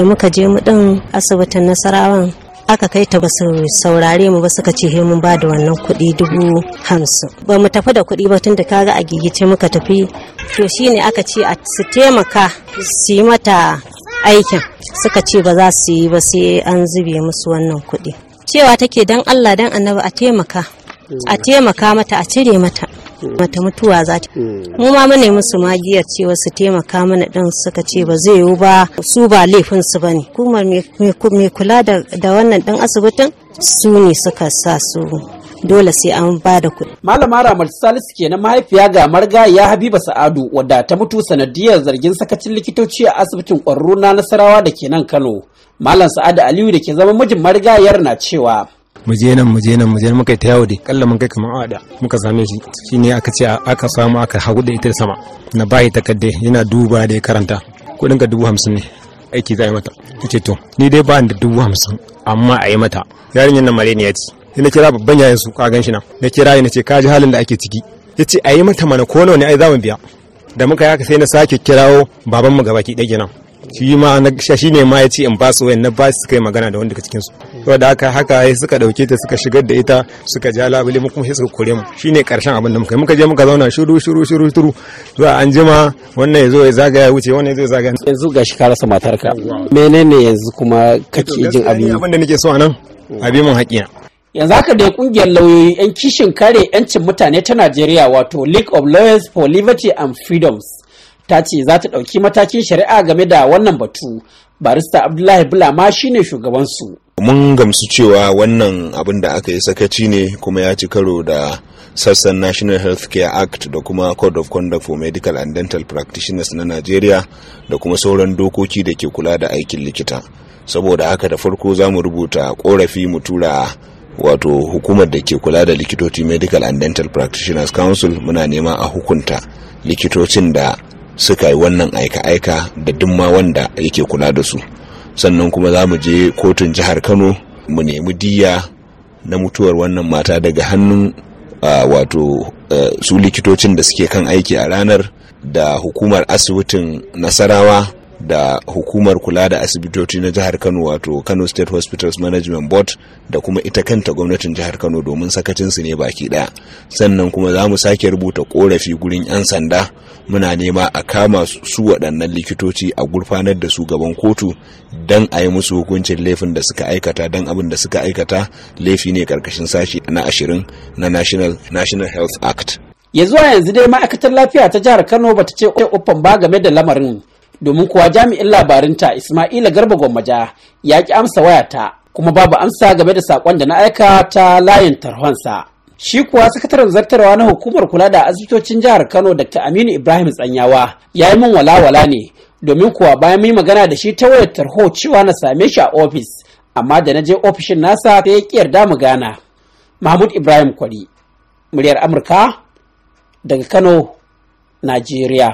da muka je mu din asibitin nasarawan aka kai ta basu saurare mu ba suka ce mun ba da wannan kuɗi dubu hamsin ba mu tafi da kuɗi ba tun da kaga a gigice muka tafi to shine aka ce a su taimaka su yi mata aikin suka ce ba za su yi ba sai an zube musu wannan kuɗi cewa take dan Allah dan annabi a taimaka a taimaka mata a cire mata wata mutuwa za ta mm. mu ma mu nemi magiyar cewa su taimaka mana din suka ce ba zai yiwu ba su ba laifin su bane kuma mai kula da wannan din asibitin su ne suka sa su dole sai an ba da kuɗi. Malama ramar Salisu ke kenan mahaifiya ga marga ya Habiba Sa'adu wadda ta mutu sanadiyar zargin sakacin likitoci a asibitin ƙwararru na Nasarawa da ke nan Kano. Malam Sa'adu Aliyu da ke zama mijin marigayar na cewa mu je nan mu je nan mu je muka ta yawo dai kallon mun kai kamar awa da muka same shi ne aka ce aka samu aka hagu da ita sama na bayi takadde yana duba da ya karanta kudin ka dubu hamsin ne aiki za a yi mata ta ce to ni dai ba da dubu hamsin amma a yi mata yarinyar nan mare ne ya ci na kira babban yayin su ka gan shi nan na kira ya ce ka ji halin da ake ciki ya ce a yi mata mana ko ne ai za mu biya da muka yaka sai na sake kirawo babanmu ki ɗaya kenan shi ma shi ne ma ya ce in ba su wayan na ba su kai magana da wanda ka cikin su to da haka haka sai suka dauke ta suka shigar da ita suka ja labule mu kuma sai suka kore mu shine karshen abin da muka muka je muka zauna shiru shiru shiru shiru zuwa an jima wannan yazo ya zagaya wuce wannan yazo ya zagaya yanzu gashi ka rasa matarka menene yanzu kuma kake jin abin abin da nake so anan abin mun haƙina yanzu haka da kungiyar lauyoyi 'yan kishin kare 'yancin mutane ta najeriya wato league of lawyers for liberty and freedoms ta ce za ta ɗauki matakin shari'a game da wannan batu barista abdullahi bula bulama shine shugabansu mun gamsu cewa wannan abin da aka yi sakaci ne kuma ya ci karo da sassan national health care act da kuma code of conduct for medical and dental practitioners na nigeria da kuma sauran dokoki da ke kula da aikin likita saboda haka da farko za mu rubuta korafi mu tura wato hukumar da ke kula da likitoci medical and dental practitioners council muna nema a hukunta likitocin da suka yi wannan aika-aika da duk ma wanda yake kula da su sannan kuma za mu je kotun jihar kano mu nemi diya na mutuwar wannan mata daga hannun wato su likitocin da suke kan aiki a ranar da hukumar asibitin nasarawa da hukumar kula da asibitoci na jihar kano wato kano state hospitals management board da kuma ita kanta gwamnatin jihar kano domin sakacinsu ne baki daya sannan kuma za mu sake rubuta korafi gurin 'yan sanda muna nema a kama su waɗannan likitoci a gurfanar da su gaban kotu don a yi musu hukuncin laifin da suka aikata don abin da suka aikata laifi ne karkashin sashi na ashirin na national, national health act ya zuwa yanzu dai ma'aikatar lafiya ta jihar kano bata ce uffan ba game da lamarin domin kuwa jami'in labarinta Ismaila Garba Gwammaja ya ki amsa wayata kuma babu amsa game da saƙon da na aika ta layin tarhonsa. Shi kuwa sakataren zartarwa na hukumar kula da asibitocin jihar Kano Dr. Aminu Ibrahim Tsanyawa ya yi min walawala ne domin kuwa bayan mai magana da shi ta wayar tarho cewa na same shi a ofis amma da na je ofishin nasa ta ya yarda mu gana. Mahmud Ibrahim Kwari, muryar Amurka daga Kano, Najeriya.